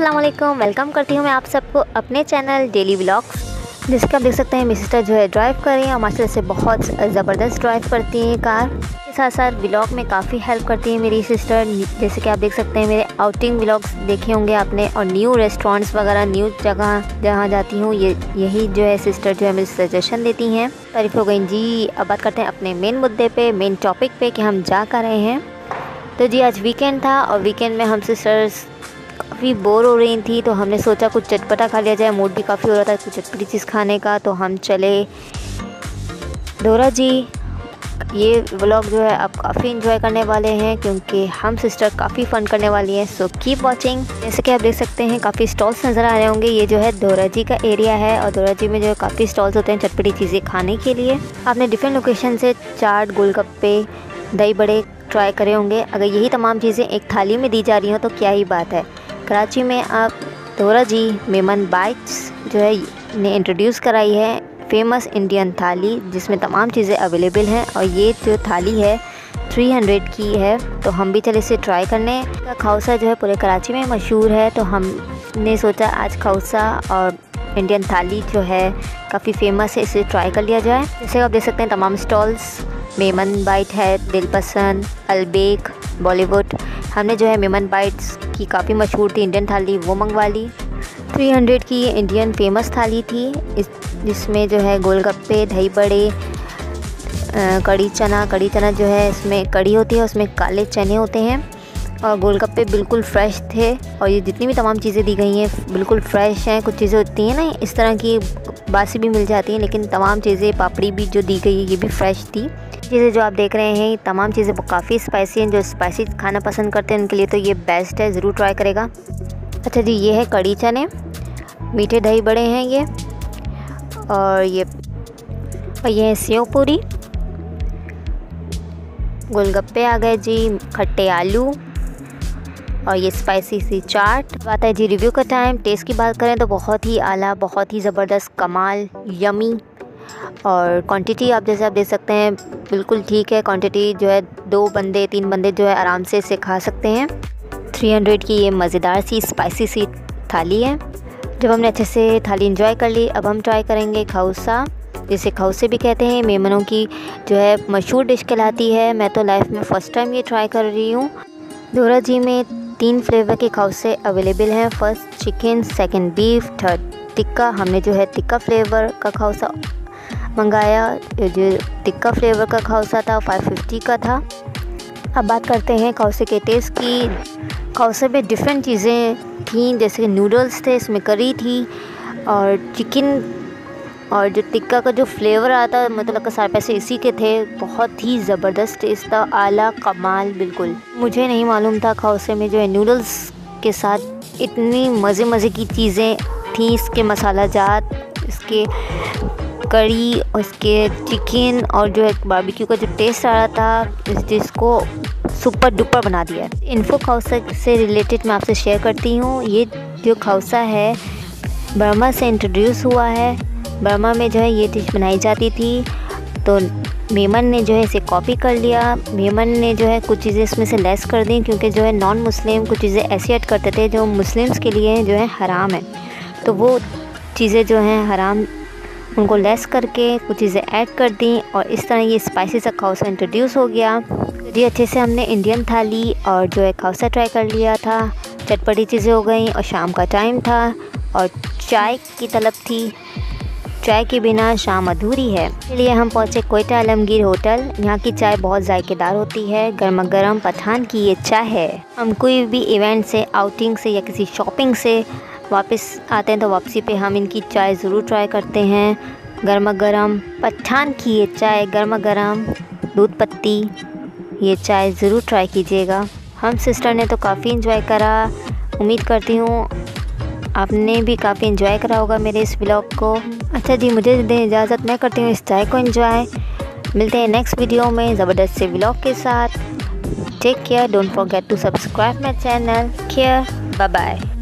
Aslam welcome करती हूँ मैं आप सबको अपने चैनल डेली ब्लॉग्स जिसके आप देख सकते हैं मेरी सिस्टर जो है ड्राइव कर रही हैं और माशाल्लाह से बहुत ज़बरदस्त ड्राइव करती हैं कार के साथ साथ ब्लॉग में काफ़ी हेल्प करती हैं मेरी सिस्टर जैसे कि आप देख सकते हैं मेरे आउटिंग ब्लॉग्स देखे होंगे आपने और न्यू रेस्टोरेंट्स वगैरह न्यू जगह जहाँ जाती हूँ ये यही जो है सिस्टर जो है मुझे सजेशन देती हैं तारीफ हो गई जी अब बात करते हैं अपने मेन मुद्दे पर मेन टॉपिक पर कि हम जा कर रहे हैं तो जी आज वीकेंड था और वीकेंड में हम सिस्टर्स काफ़ी बोर हो रही थी तो हमने सोचा कुछ चटपटा खा लिया जाए मूड भी काफ़ी हो रहा था कुछ चटपटी चीज़ खाने का तो हम चले डोरा जी ये व्लॉग जो है आप काफ़ी इन्जॉय करने वाले हैं क्योंकि हम सिस्टर काफ़ी फ़न करने वाली हैं सो कीप वॉचिंग जैसे कि आप देख सकते हैं काफ़ी स्टॉल्स नज़र आ रहे होंगे ये जो है दोरा जी का एरिया है और दोरा जी में जो है काफ़ी स्टॉल्स होते हैं चटपटी चीज़ें खाने के लिए आपने डिफरेंट लोकेशन से चाट गोलगप्पे दही बड़े ट्राई करे होंगे अगर यही तमाम चीज़ें एक थाली में दी जा रही हों तो क्या ही बात है कराची में आप दोरा जी मेमन बाइट्स जो है ने इंट्रोड्यूस कराई है फेमस इंडियन थाली जिसमें तमाम चीज़ें अवेलेबल हैं और ये जो थाली है 300 की है तो हम भी चले इसे ट्राई करने का खाउसा जो है पूरे कराची में मशहूर है तो हमने सोचा आज खाउसा और इंडियन थाली जो है काफ़ी फेमस है इसे ट्राई कर लिया जाए जैसे आप देख सकते हैं तमाम स्टॉल्स मेमन बाइट है दिलपसंद अलबेक बॉलीवुड हमने जो है मेमन बाइट्स की काफ़ी मशहूर थी इंडियन थाली वो मंगवा ली 300 की इंडियन फेमस थाली थी इस जिसमें जो है गोलगप्पे दही बड़े कड़ी चना कड़ी चना जो है इसमें कड़ी होती है उसमें काले चने होते हैं और गोलगप्पे बिल्कुल फ्रेश थे और ये जितनी भी तमाम चीज़ें दी गई हैं बिल्कुल फ्रेश हैं कुछ चीज़ें होती हैं ना इस तरह की बासी भी मिल जाती हैं लेकिन तमाम चीज़ें पापड़ी भी जो दी गई है ये भी फ्रेश थी चीज़ें जो आप देख रहे हैं तमाम चीज़ें काफ़ी स्पाइसी हैं जो स्पाइसी खाना पसंद करते हैं उनके लिए तो ये बेस्ट है ज़रूर ट्राई करेगा अच्छा जी ये है कड़ी चने मीठे दही बड़े हैं ये और ये और ये है सेव पूरी गोलगप्पे आ गए जी खट्टे आलू और ये स्पाइसी सी चाट बात है जी रिव्यू का टाइम टेस्ट की बात करें तो बहुत ही आला बहुत ही ज़बरदस्त कमाल यमी और क्वांटिटी आप जैसे आप देख सकते हैं बिल्कुल ठीक है क्वांटिटी जो है दो बंदे तीन बंदे जो है आराम से इसे खा सकते हैं 300 की ये मज़ेदार सी स्पाइसी सी थाली है जब हमने अच्छे से थाली इंजॉय कर ली अब हम ट्राई करेंगे खाउसा जिसे खाउसे भी कहते हैं मेमनों की जो है मशहूर डिश कहलाती है मैं तो लाइफ में फ़र्स्ट टाइम ये ट्राई कर रही हूँ दोरा जी में तीन फ्लेवर के खाउस से अवेलेबल हैं first chicken second beef third tikka हमने जो है टिक्का फ्लेवर का खाउसा मंगाया जो टिक्का फ्लेवर का खाउसा था 550 का था अब बात करते हैं खाउसे के टेस्ट की खाउसे में डिफरेंट चीज़ें थी जैसे नूडल्स थे इसमें करी थी और चिकन और जो टिक्का का जो फ्लेवर आता है मतलब सारे पैसे इसी के थे बहुत ही ज़बरदस्त टेस्ट था आला कमाल बिल्कुल मुझे नहीं मालूम था खाउसे में जो है नूडल्स के साथ इतनी मज़े मज़े की चीज़ें थी इसके मसाला जात इसके कड़ी और इसके चिकन और जो है बारबेक्यू का जो टेस्ट आ रहा था इस डिश को सुपर डुपर बना दिया है इन्फो खाउसा से रिलेटेड मैं आपसे शेयर करती हूँ ये जो खाउसा है बर्मा से इंट्रोड्यूस हुआ है बर्मा में जो है ये डिश बनाई जाती थी तो मेमन ने जो है इसे कॉपी कर लिया मेमन ने जो है कुछ चीज़ें इसमें से लेस कर दी क्योंकि जो है नॉन मुस्लिम कुछ चीज़ें ऐसी ऐड करते थे जो मुस्लिम्स के लिए जो है हराम है तो वो चीज़ें जो हैं हराम उनको लेस करके कुछ चीज़ें ऐड कर दी और इस तरह ये स्पाइसी सा खाउसा इंट्रोड्यूस हो गया ये अच्छे से हमने इंडियन थाली और जो है खाउसा ट्राई कर लिया था चटपटी चीज़ें हो गई और शाम का टाइम था और चाय की तलब थी चाय के बिना शाम अधूरी है इसलिए हम पहुँचे कोयटा आलमगीर होटल यहाँ की चाय बहुत जायकेदार होती है गर्मा गर्म पठान की ये चाय है हम कोई भी इवेंट से आउटिंग से या किसी शॉपिंग से वापस आते हैं तो वापसी पे हम इनकी चाय ज़रूर ट्राई करते हैं गर्मा गर्म पठान की ये चाय गर्मा गर्म दूध पत्ती ये चाय ज़रूर ट्राई कीजिएगा हम सिस्टर ने तो काफ़ी इन्जॉय करा उम्मीद करती हूँ आपने भी काफ़ी इन्जॉय करा होगा मेरे इस ब्लॉग को अच्छा जी मुझे दें इजाज़त मैं करती हूँ इस चाय को इंजॉय मिलते हैं नेक्स्ट वीडियो में ज़बरदस्त से ब्लॉग के साथ take care don't forget to subscribe my channel care bye bye